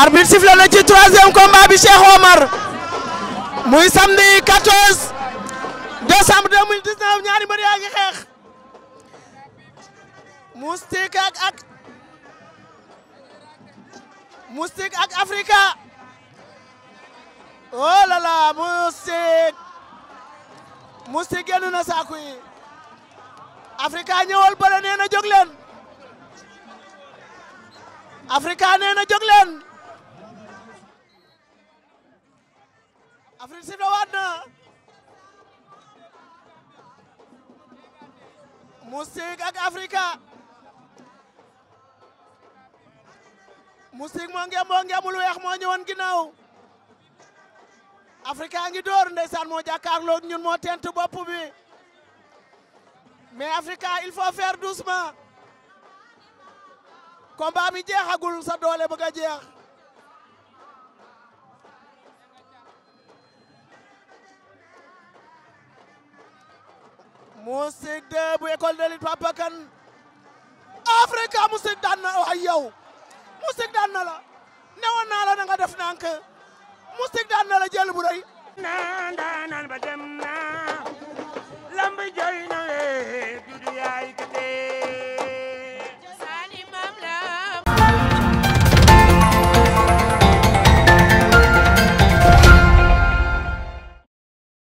arbitre sifflé na ci troisième combat bi Cheikh Omar muy samedi 14 décembre 2019 ñaari mbër yaa ngi xeex Moustique ak ak Moustique ak Africa oh là na saako yi Africa ñëwal bëre nee na jóg leen Africa Prinsipnya warna. Musik ag Afrika. Musik moo ngeen moo ngeen mu lu weex moo ñëwoon ginnaaw. Afrika ngi door ndeysaan moo jàkkaarloog ñun mo tent bop bi. Mais Afrika il faut faire doucement. combat mi jeexagul sa doole bëgga jeex. Moustique 2 bu école de Papa Kane Africa Moustique daan na waay oh, yow Moustique na la newoon naa na nga def nank Moustique daan na la jël bu rëy